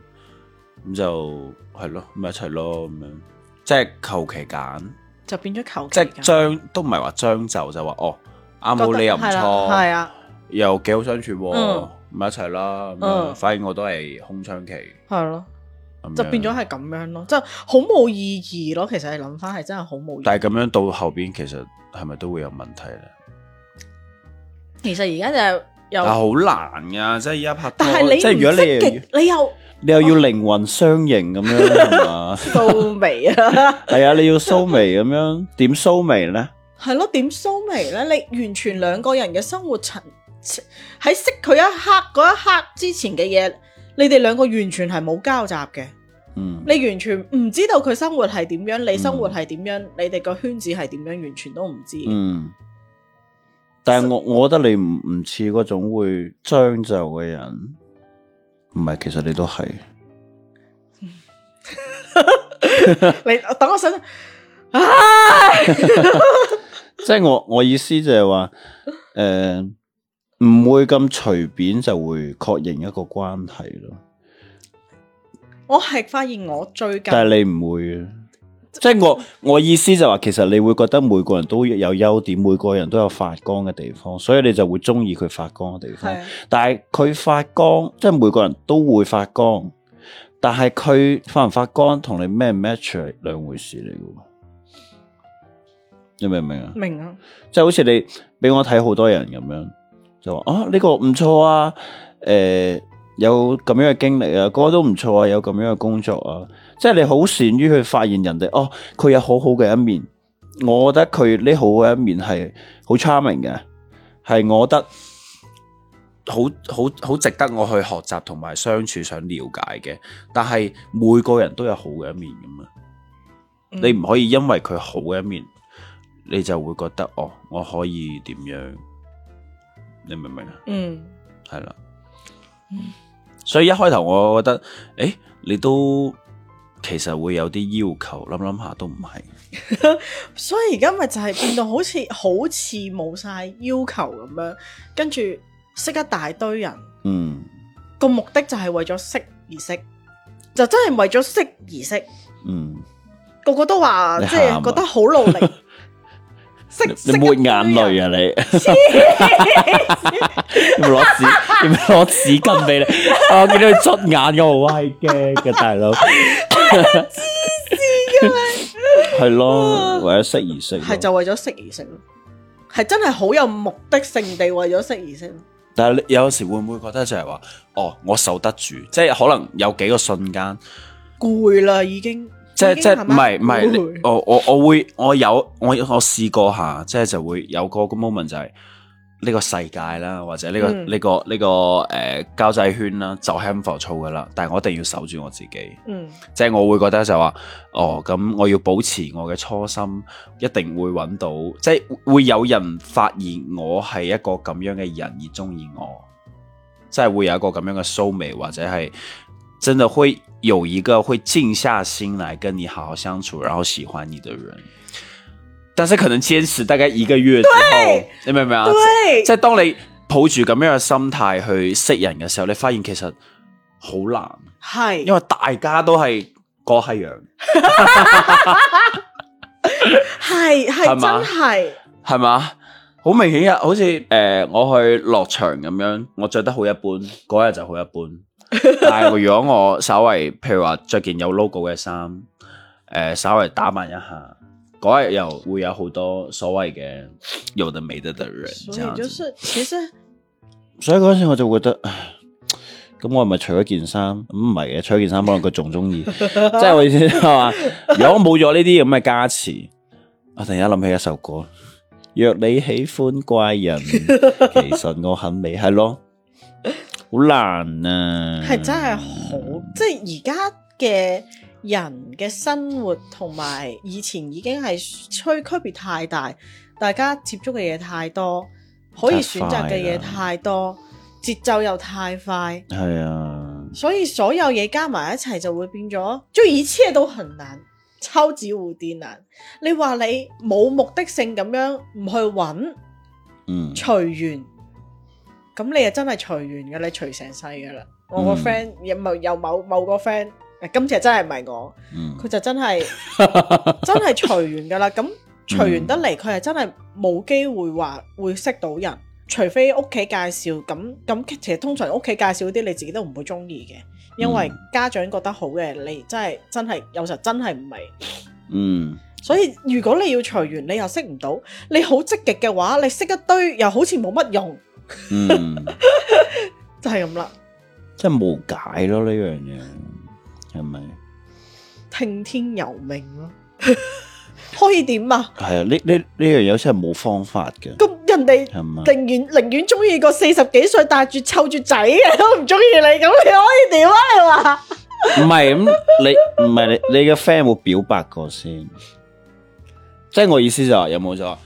咁就係咯，咪一齊咯，咁樣即係求其揀，就變咗求即係將都唔係話將就，就話哦啱冇你又唔錯，係啊又幾好相處，咪一齊啦。嗯，反正我都係空窗期，係咯，就變咗係咁樣咯，即係好冇意義咯。其實係諗翻係真係好冇意義。但係咁樣到後邊，其實係咪都會有問題咧？其實而家就又好難噶，即係而家拍，但係你即係如果你你又。你又要靈魂相迎咁樣，係嘛？收眉啊，係啊！你要收眉咁樣，點收眉咧？係咯，點收眉咧？你完全兩個人嘅生活層次喺識佢一刻嗰一刻之前嘅嘢，你哋兩個完全係冇交集嘅。嗯，你完全唔知道佢生活係點樣，你生活係點樣，你哋個圈子係點樣，完全都唔知。嗯。但係我我覺得你唔唔似嗰種會將就嘅人。唔係，其實你都係。 [laughs] [laughs] 你等我先。即係、哎、 [laughs] [laughs] 我我意思就係話，誒、呃，唔會咁隨便就會確認一個關係咯。我係發現我最近 [laughs] 但，但係你唔會即係我我意思就話、是，其實你會覺得每個人都有優點，每個人都有發光嘅地方，所以你就會中意佢發光嘅地方。的但係佢發光，即係每個人都會發光，但係佢發唔發光同你咩 match 係兩回事嚟嘅，你明唔明啊？明啊！即係好似你俾我睇好多人咁樣，就話啊呢個唔錯啊，誒、這個啊。呃有咁樣嘅經歷啊，個個都唔錯啊，有咁樣嘅工作啊，即係你好善於去發現人哋哦，佢有好好嘅一面，我覺得佢呢好嘅一面係好 charming 嘅，係我覺得好好好值得我去學習同埋相處想了解嘅，但係每個人都有好嘅一面咁嘛。嗯、你唔可以因為佢好嘅一面，你就會覺得哦，我可以點樣，你明唔明啊？嗯，係啦。所以一開頭我覺得，誒、欸，你都其實會有啲要求，諗諗下都唔係。 [laughs] 所以而家咪就係變到好似 [laughs] 好似冇晒要求咁樣，跟住識一大堆人，嗯，個目的就係為咗識而識，就真係為咗識而識，嗯，個個都話即係覺得好努力。 [laughs] 你抹眼淚啊你！要唔要攞紙？要唔要攞紙巾俾你？我見到你捽眼嘅好啊，係驚嘅大佬。黐線嘅你。係咯，為咗食而食。係就為咗食而食咯。係真係好有目的性地為咗食而食咯。但係你有時會唔會覺得就係話，哦，我受得住，即係可能有幾個瞬間攰啦已經。即即唔係唔係，我我我會我有我我試過吓，即係就會有個 moment 就係、是、呢、這個世界啦，或者呢、這個呢、嗯這個呢、這個誒、呃、交際圈啦，就係咁浮躁噶啦。但係我一定要守住我自己，嗯、即係我會覺得就話哦，咁我要保持我嘅初心，一定會揾到，即係會有人發現我係一個咁樣嘅人而中意我，即係會有一個咁樣嘅 soulmate 或者係，真的會。有一個會靜下心來跟你好好相處，然後喜歡你的人，但是可能堅持大概一個月之後，對你明唔明啊？即係對當你抱住咁樣嘅心態去識人嘅時候，你發現其實好難，係是因為大家都係個係樣，係係真係，係嘛？好明顯啊，好似誒、呃，我去落場咁樣，我着得好一般，嗰日就好一般。但係如果我稍微，譬如話着件有 logo 嘅衫，誒、呃，稍微打扮一下，嗰日又會有好多所謂嘅有得美得的，的人。所以就是其實，所以嗰陣時我就覺得，咁、嗯、我咪除咗件衫唔係嘅，除、嗯、咗件衫可能佢仲中意，即係我意思係嘛？如果冇咗呢啲咁嘅加持，我突然間諗起一首歌，若你喜歡怪人，其實我很美，係咯。 [laughs] 好難啊！係真係好，嗯、即係而家嘅人嘅生活同埋以前已經係差區別太大，大家接觸嘅嘢太多，可以選擇嘅嘢太多，節奏又太快，係啊、嗯，所以所有嘢加埋一齊就會變咗，即係一切都很難，抽紙蝴蝶難。你話你冇目的性咁樣唔去揾，嗯，隨緣。咁你又真係隨緣噶，你隨成世噶啦。我個 friend 亦冇，又某某個 friend，誒，今次真係唔係我，佢就真係真係隨緣噶啦。咁隨緣得嚟，佢係真係冇機會話會識到人，除非屋企介紹咁咁。其實通常屋企介紹啲，你自己都唔會中意嘅，因為家長覺得好嘅，你真係真係有時真係唔係嗯。所以如果你要隨緣，你又識唔到，你好積極嘅話，你識一堆又好似冇乜用。嗯， [laughs] 就係咁啦， [laughs] 真係冇解咯呢樣嘢，係咪？聽天由命咯，啊， [laughs] 可以點啊？係啊，呢呢呢樣嘢真係冇方法嘅。咁人哋係咪寧願寧願中意個四十幾歲帶住湊住仔嘅，都唔中意你？咁你可以點啊？你話唔係咁，你唔係你你嘅 friend 冇表白過先？即 [laughs] 係我意思就話有冇咗？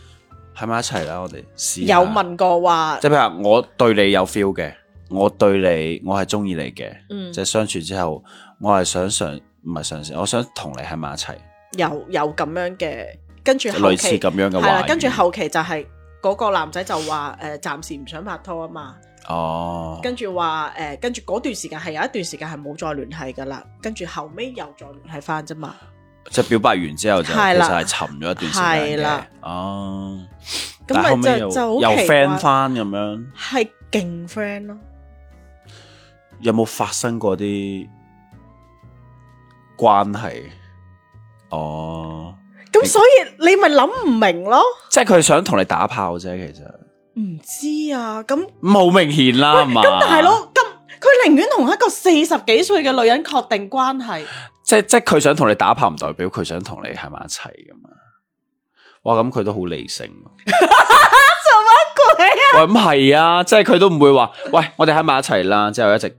喺埋一齊啦，我哋試有問過話，即係譬如我對你有 feel 嘅，我對你我係中意你嘅，即係、嗯、相處之後我係想嘗唔係嘗試，我想同你喺埋一齊。有有咁樣嘅，跟住類似咁樣嘅話，啊，跟住後期就係嗰個男仔就話誒，呃、暫時唔想拍拖啊嘛。哦，跟住話誒，跟住嗰段時間係有一段時間係冇再聯繫噶啦，跟住後尾又再聯繫翻啫嘛。即係表白完之後就其實係沉咗一段時間嘅，哦，咁後屘又又 friend 翻咁樣，係勁 friend 咯。有冇發生過啲關係？哦，咁所以你咪諗唔明咯。即係佢想同你打炮啫，其實。唔知啊，咁冇明顯啦，係嘛？咁但係咯，咁佢寧願同一個四十幾歲嘅女人確定關係。即即佢想同你打炮，唔代表佢想同你喺埋一齊噶嘛？哇！咁佢都好理性啊。做 [laughs] 乜 [laughs] 鬼啊？咁係啊，即係佢都唔會話喂，我哋喺埋一齊啦。之後一直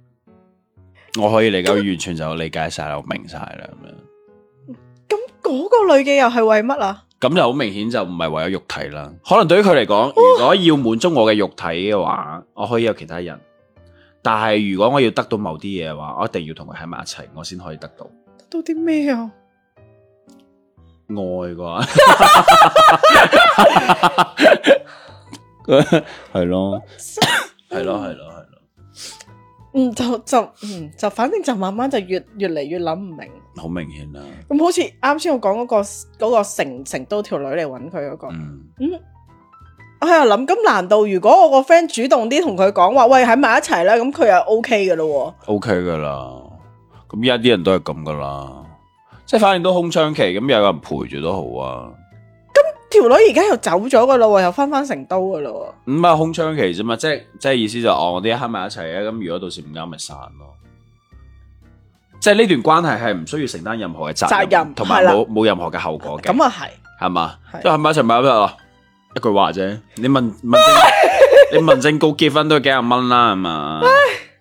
我可以理解，完全就理解晒那我明晒啦咁樣。咁嗰、那個女嘅又係為乜啊？咁就好明顯就唔係為咗肉體啦。可能對於佢嚟講，哦、如果要滿足我嘅肉體嘅話，我可以有其他人。但係如果我要得到某啲嘢嘅話，我一定要同佢喺埋一齊，我先可以得到。到啲咩啊？愛啩，係咯，係咯，係咯，係咯。嗯，就就嗯就，反正就慢慢就越越嚟越諗唔明。好明顯啦。咁好似啱先我講嗰個嗰個成成都條女嚟搵佢嗰個，嗯，我喺度諗，咁難道如果我個 friend 主動啲同佢講話，喂喺埋一齊啦，咁佢又 OK 噶咯？OK 噶啦。咁而家啲人都係咁噶啦，即係反而都空窗期，咁有人陪住都好啊。咁條女而家又走咗噶咯，又翻翻成都噶咯。唔係空窗期啫嘛，即係即係意思就哦，我哋喺埋一齊啊。咁如果到時唔啱，咪散咯。即係呢段關係係唔需要承擔任何嘅責任，同埋冇冇任何嘅後果嘅。咁啊係，係嘛？即係喺埋一齊咪得咯，一句話啫。你問問政，你民政局結婚都要幾十蚊啦，係嘛？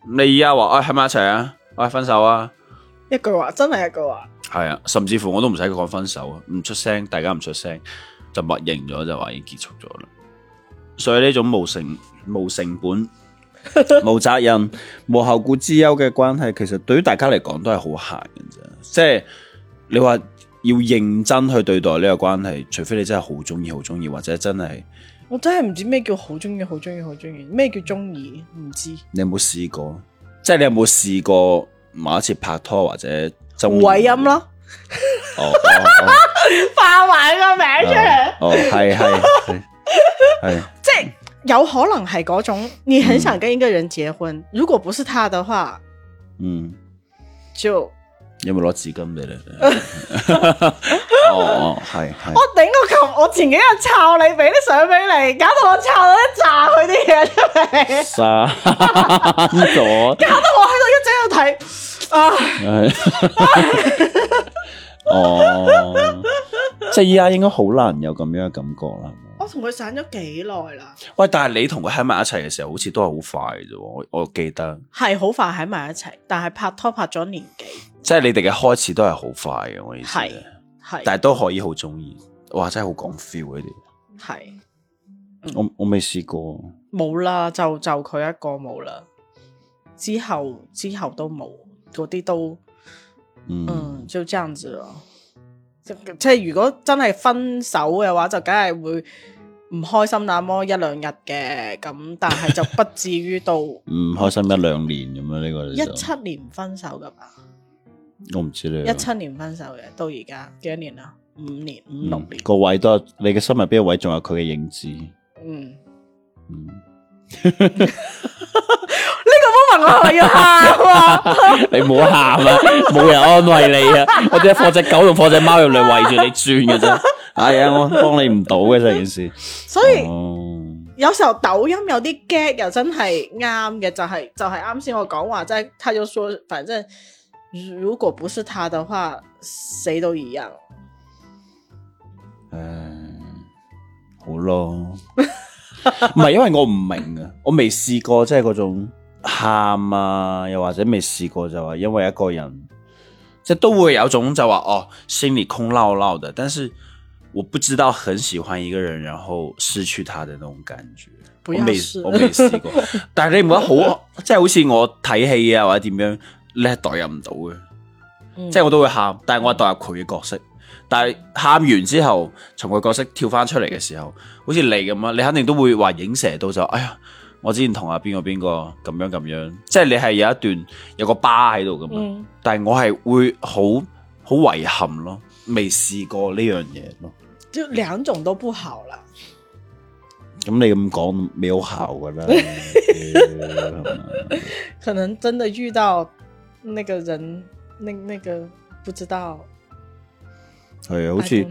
你而家話誒，喺埋一齊啊？喂、哎，分手啊！一句話真係一句話。係啊，甚至乎我都唔使佢講分手，唔出聲，大家唔出聲，就默認咗就話已經結束咗啦。所以呢種無成、無成本、 [laughs] 無責任、無後顧之憂嘅關係，其實對於大家嚟講都係好閒嘅啫。即係你話要認真去對待呢個關係，除非你真係好中意、好中意，或者真係我真係唔知咩叫好中意、好中意、好中意，咩叫中意，唔知。你有冇試過？即係你有冇試過某一次拍拖或者？就偉音咯，哦，哦 [laughs] 發埋個名出嚟、 [laughs] 哦。哦，係係係，哎、即係有可能係嗰種，你很想跟一個人結婚，嗯、如果不是他的話，嗯，就。有冇攞紙巾俾你？ [laughs] 哦，係係。我頂我琴我前幾日抄你俾啲相俾你，搞到我抄到一紮佢啲嘢出嚟，刪 [laughs] 咗我。搞到我喺度一直喺度睇啊！ [laughs] 哦，即係依家應該好難有咁樣嘅感覺啦。我同佢散咗幾耐啦？喂，但係你同佢喺埋一齊嘅時候，好似都係好快啫。我我記得係好快喺埋一齊，但係拍拖拍咗年幾，即係你哋嘅開始都係好快嘅。我意思係、啊啊、但係都可以好中意。哇，真係好講 feel 嗰啲。係、嗯、我我未試過，冇啦，就就佢一個冇啦。之後之後都冇嗰啲都嗯、嗯，就這樣子咯。就，即係如果真係分手嘅話，就梗係會。唔開心那麼一兩日嘅，咁但係就不至於到唔開心一兩年咁樣。呢個一七年分手噶嘛？我唔知咧，一七年分手嘅，到而家幾多年啦？五年、五六年個，嗯、位都，你嘅心入邊個位仲有佢嘅影子？嗯，呢個冇問，我要喊，你唔好喊啊！冇人安慰你啊！我只放隻狗同放隻貓入嚟圍住你轉嘅啫。 [laughs] 係啊、 [laughs] 哎，我幫你唔到嘅，成件事。所以、oh, 有時候抖音有啲 get 又真係啱嘅，就係、是、就係啱先我講話，即係他就說，反正如果不是他的話，誰都一樣。嗯， [laughs] 好咯，唔係 [laughs] 因為我唔明啊，我未試過即係嗰種喊啊，又或者未試過就話因為一個人，即係都會有種就話哦，心裏空落落嘅。但是。我不知道很喜歡一個人，然後失去他的那種感覺，不要 我沒試，我未試過。 [laughs] 但係你唔覺得好，即係好似我睇戲啊或者點樣叻代入唔到嘅，嗯、即係我都會喊，但係我係代入佢嘅角色。但係喊完之後，從佢角色跳翻出嚟嘅時候，好似你咁啊，你肯定都會話影射到就，哎呀，我之前同阿邊個邊個咁樣咁樣，即係你係有一段有個疤喺度咁樣。嗯、但係我係會好好遺憾咯，未試過呢樣嘢咯。就兩種都不好啦，咁你咁講未有效㗎啦，可能真的遇到那個人，那那個不知道，係啊，好似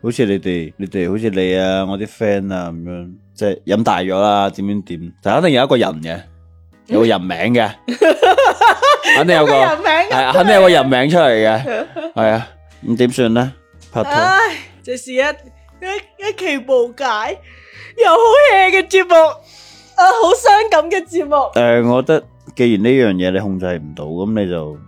好似你哋你哋好似你啊，我啲 friend 啊咁樣，即係飲大咗啦，點點點，就肯定有一個人嘅，有個人名嘅，肯定有個名，係肯定有個人名出嚟嘅，係啊，咁點算咧？拍拖。這是一一一期無解又好 hea 嘅節目，啊，好傷感嘅節目。誒，我覺得既然呢樣嘢你控制唔到，咁你就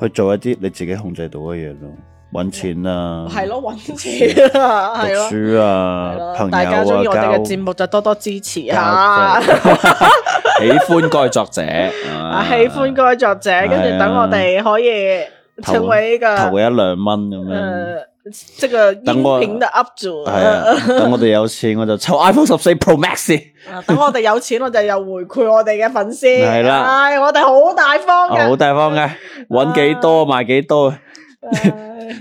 去做一啲你自己控制到嘅嘢咯，搵錢啦，係咯，搵錢啦，讀書啊，大家中意我哋嘅節目就多多支持下，喜歡該作者，喜歡該作者，跟住等我哋可以成為呢個投一兩蚊咁樣。即個音頻就 up 住，等我哋有錢我就抽 iPhone 十四 Pro Max 先。等我哋有錢我就又回饋我哋嘅粉絲，係啦，我哋好大方嘅，好大方嘅，搵幾多買幾多。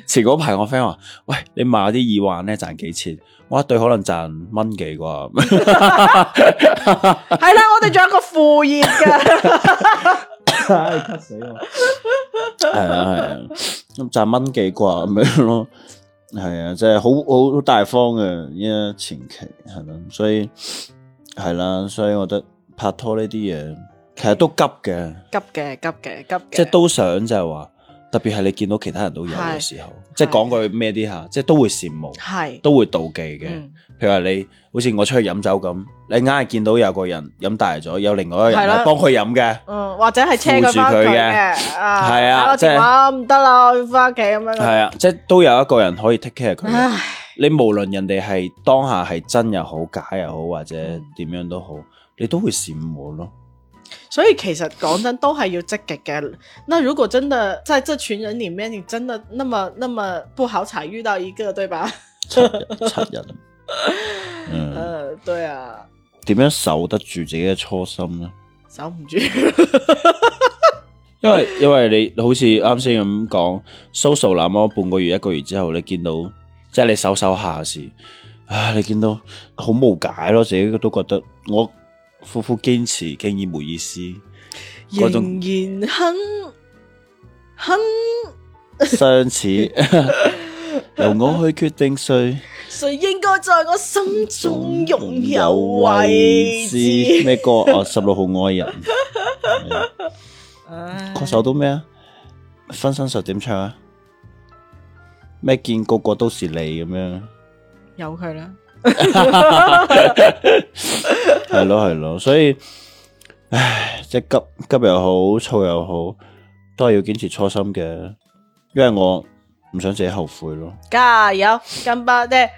前嗰排我 friend 話，喂，你賣啲耳環咧，賺幾錢？我一對可能賺蚊幾啩？係啦，我哋仲有個副業嘅。哎，咳死我！係啊係啊，咁賺蚊幾啩咁樣咯。係啊，即係好好好大方嘅，依家前期係咯，所以係啦，啊，所以我覺得拍拖呢啲嘢，其實都急嘅，急嘅，急嘅，急嘅，即係都想就係話，特別係你見到其他人都有嘅時候，是即係講句咩啲吓，的即係都會羨慕，係的，都會妒忌嘅。嗯。譬如話你，好似我出去飲酒咁，你硬係見到有個人飲大咗，有另外一個人咧幫佢飲嘅，嗯，或者係車佢翻屋企嘅，係啊，打個電話唔得啦，我要翻屋企咁樣。係啊，即係都有一個人可以 take care 佢。你無論人哋係當下係真又好，假又好，或者點樣都好，你都會羨慕咯。所以其實講真，都係要積極嘅。那如果真的在這群人裏面，你真的那麼那麼不好彩遇到一個，對吧？七日。慘嘅。嗯，uh, 對啊，點樣守得住自己嘅初心咧？守唔不住， [laughs] [laughs] 因為因為你好似啱先咁講 s o c i 半個月一個月之後，你見到即係你手手下時，啊，你見到好無解咯，自己都覺得我苦苦堅持，竟然冇意思，仍然很很相似， [laughs] [laughs] 由我去決定睡。誰應該在我心中擁有位置？咩歌啊？十、oh, 六號愛人。嗰 [laughs] 首 [laughs] 哎、都咩啊？分身術點唱啊？咩見個個都是你咁樣？有佢他啦。係咯，係咯，所以，唉，即係急急又好，躁又好，都係要堅持初心嘅，因為我。唔想自己後悔咯，加油，咁伯爹！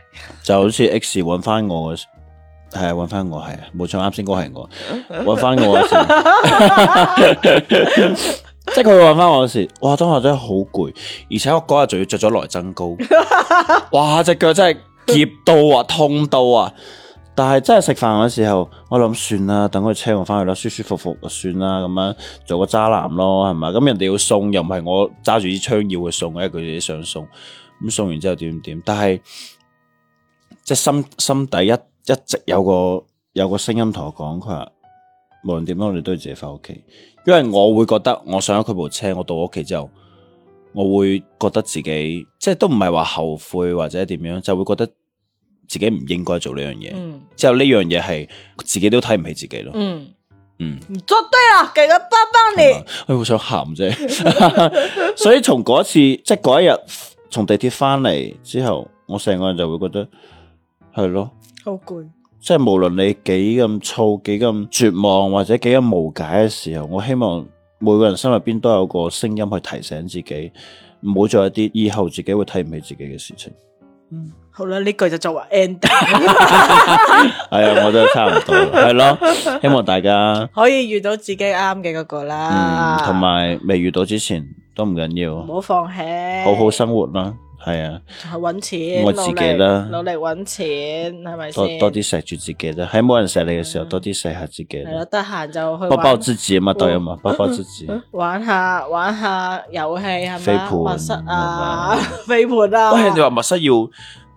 就好似 X 揾翻我嗰時，係啊，揾翻我係啊，冇錯，啱先哥係我，揾翻我嗰時，即係佢會揾翻我嗰時，哇！當我真係好攰，而且我嗰日仲要着咗內增高，哇！隻腳真係夾到啊，痛到啊！但係真係食飯嗰時候，我諗算啦，等佢車我翻去啦，舒舒服服就算啦，咁樣做個渣男咯，係咪？咁人哋要送，又唔係我揸住支槍要佢送，因為佢自己想送。咁送完之後點點？但係即係心心底一一直有個有個聲音同我講，佢話無論點樣，我哋都要自己翻屋企，因為我會覺得我上咗佢部車，我到屋企之後，我會覺得自己即係、就是、都唔係話後悔或者點樣，就會覺得。自己唔應該做呢樣嘢，嗯、之後呢樣嘢係自己都睇唔起自己咯。嗯嗯，你、嗯、做對啦，給個抱抱你。我好想喊啫， [laughs] [laughs] 所以從嗰一次即係嗰一日從地鐵翻嚟之後，我成個人就會覺得係咯，好攰累。即係無論你幾咁燥、幾咁絕望或者幾咁無解嘅時候，我希望每個人心入邊都有個聲音去提醒自己，唔好做一啲以後自己會睇唔起自己嘅事情。嗯。好啦，呢句就作 ending。係啊，我都係差唔多，係咯，希望大家可以遇到自己啱嘅嗰個啦。嗯，同埋未遇到之前都唔緊要，唔好放棄，好好生活啦。係啊，搵錢，我自己啦，努力搵錢，係咪先？多多啲錫住自己啦，喺冇人錫你嘅時候，多啲錫下自己。係咯，得閒就去。包包自己啊嘛，對吖嘛，包包自己。玩下玩下遊戲係咪，密室啊，飛盤啊。你話密室要？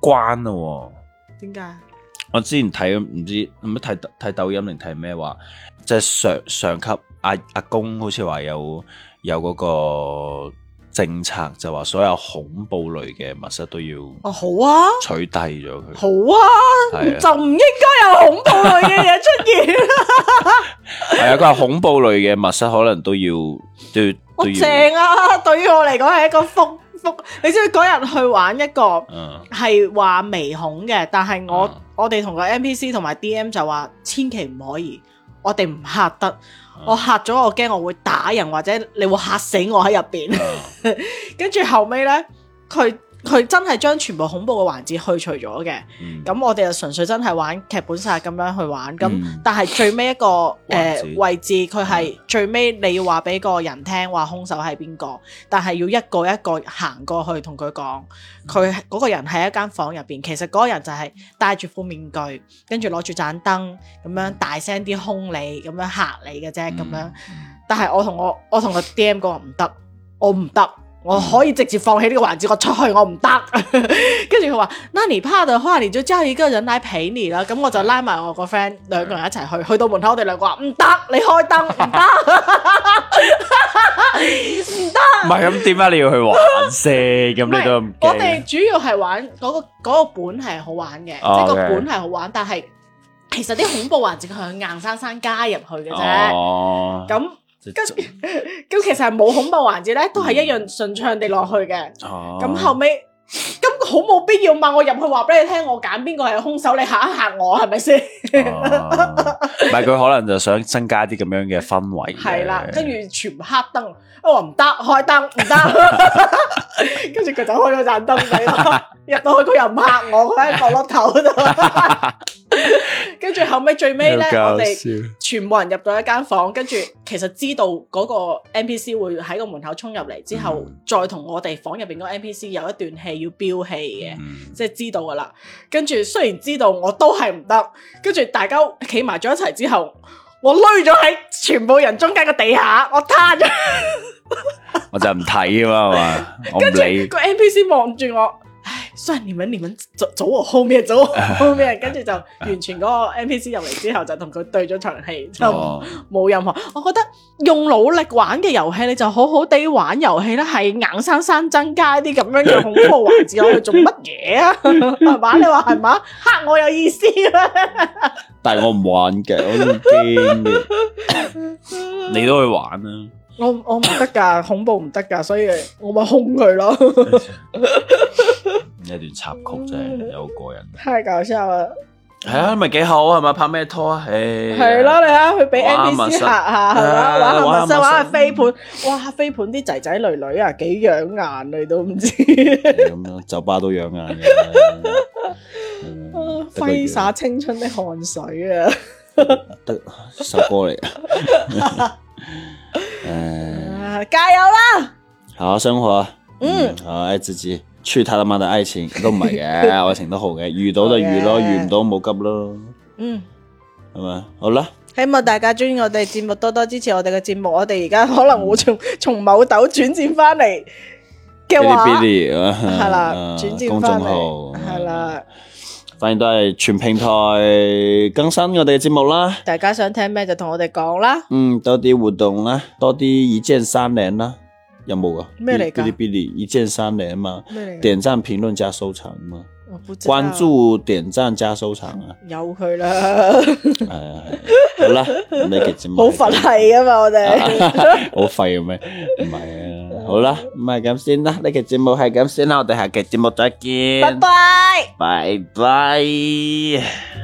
關咯、哦，點解？我之前睇唔知唔知睇睇抖音定睇咩話，即係上上級阿、啊、阿公好似話有有嗰個政策，就話所有恐怖類嘅密室都要哦、啊、好啊，取締咗佢好啊，就唔應該有恐怖類嘅嘢出現。係啊，佢話恐怖類嘅密室可能都要都要。我、哦、要正啊，對於我嚟講係一個福。你知唔知嗰日去玩一個係話、uh, 微恐嘅，但係我、uh, 我哋同個 NPC 同埋 DM 就話千祈唔可以，我哋唔嚇得，uh, 我嚇咗我驚，我會打人或者你會嚇死我喺入邊。跟 [laughs] 住後尾咧，佢。佢真係將全部恐怖嘅環節去除咗嘅，咁、嗯、我哋就純粹真係玩劇本殺咁樣去玩，咁、嗯、但係最尾一個誒節、呃、位置，佢係最尾你要話俾個人聽話，凶手係邊個？但係要一個一個行過去同佢講，佢嗰、嗯、個人喺一間房入邊，其實嗰人就係戴住副面具，跟住攞住盞燈咁樣大聲啲兇你，咁樣吓你嘅啫，咁樣。嗯嗯、但係我同我我同個 DM 嗰個唔得，我唔得。我可以直接放棄呢個環節，我出去我唔得。跟住佢話，那你怕嘅話，你就叫一個人嚟陪你啦。咁、嗯、我就拉埋我個 friend，兩個人一齊去。去到門口，我哋兩個話唔得，你開燈唔得，唔得。唔係咁，點解你要去玩先？咁 [laughs] 你都唔。我哋主要係玩嗰、嗰個嗰個本係好玩嘅，即係、oh, okay. 個本係好玩，但係其實啲恐怖環節佢硬生生加入去嘅啫。哦、oh. 嗯，咁。跟跟 [laughs] 其實係冇恐怖環節咧，都係一樣順暢地落去嘅。咁、哦、後尾，咁好冇必要嘛？我入去話俾你聽，我揀邊個係兇手，你嚇一嚇我係咪先？唔係佢可能就想增加啲咁樣嘅氛圍。係啦，跟住全黑燈，我話唔得，開燈唔得，跟住佢就開咗一盞燈俾 [laughs] 入到去佢又唔嚇我，佢喺角落頭度。 [laughs] 跟住後尾最尾咧， [laughs] 我哋全部人入到一間房間， [laughs] 跟住其實知道嗰個 N P C 會喺個門口衝入嚟之後，嗯、再同我哋房入邊嗰 N P C 有一段戲要飆戲嘅，即係、嗯、知道噶啦。跟住雖然知道我都係唔得，跟住大家企埋咗一齊之後，我攞咗喺全部人中間嘅地下，我攤咗 [laughs] 。我就唔睇啊嘛，我唔理。跟住，個 N P C 望住我。雖然你問你早早我 call 咩早 call 咩，跟住就完全嗰個 NPC 入嚟之後就同佢對咗場戲，就冇任何。哦、我覺得用努力玩嘅遊戲，你就好好地玩遊戲啦。係硬生生增加啲咁樣嘅恐怖環節， [laughs] 我去做乜嘢啊？係嘛？ [laughs] [laughs] 你話係嘛？嚇我有意思啦、啊！ [laughs] 但係我唔玩嘅，我唔掂 [laughs] 你都去玩啦、啊。我我唔得噶，恐怖唔得噶，所以我咪兇佢咯。 [laughs] 一段插曲真係有個人，係 [laughs] 搞笑後、哎哎、 [laughs] 啊，係啊，咪幾好係咪？拍咩拖啊？係咯，你睇下佢俾 NPC 吓下係嘛？玩下麻雀，玩下飛盤，哇，飛盤啲仔仔女女啊，幾養眼你都唔知。咁 [laughs] 咯，酒吧都養眼。揮灑青春的汗水啊！得首歌嚟。 [laughs] 誒，哎、加油啦！好好生活，嗯，好愛、哎、自己。去他他媽的愛情 [laughs] 都唔係嘅，愛情都好嘅，遇到就遇咯， [laughs] 遇唔到冇、嗯、急咯。嗯，係咪？好啦，希望大家鍾意我哋節目，多多支持我哋嘅節目。我哋而家可能會從從某豆轉戰翻嚟嘅話，係啦、嗯、轉、嗯、戰翻嚟，係啦。嗯嗯反正都係全平台更新我哋嘅節目啦，大家想聽咩就同我哋講啦，嗯，多啲活動啦，多啲一鍵三連啦。有冇啊？咩嚟噶？嗶哩嗶哩一鍵三連嘛？咩嚟噶？點贊、評論加收藏嘛？啊、關注、點贊加收藏啊！有佢啦。係啊係。好啦，呢期節目好佛係啊嘛，我哋好廢咩？唔係 [laughs] [laughs] [laughs] 啊。好啦，唔係咁先啦，呢期節目係咁先啦，我哋下期節目再見。拜拜 bye。拜拜。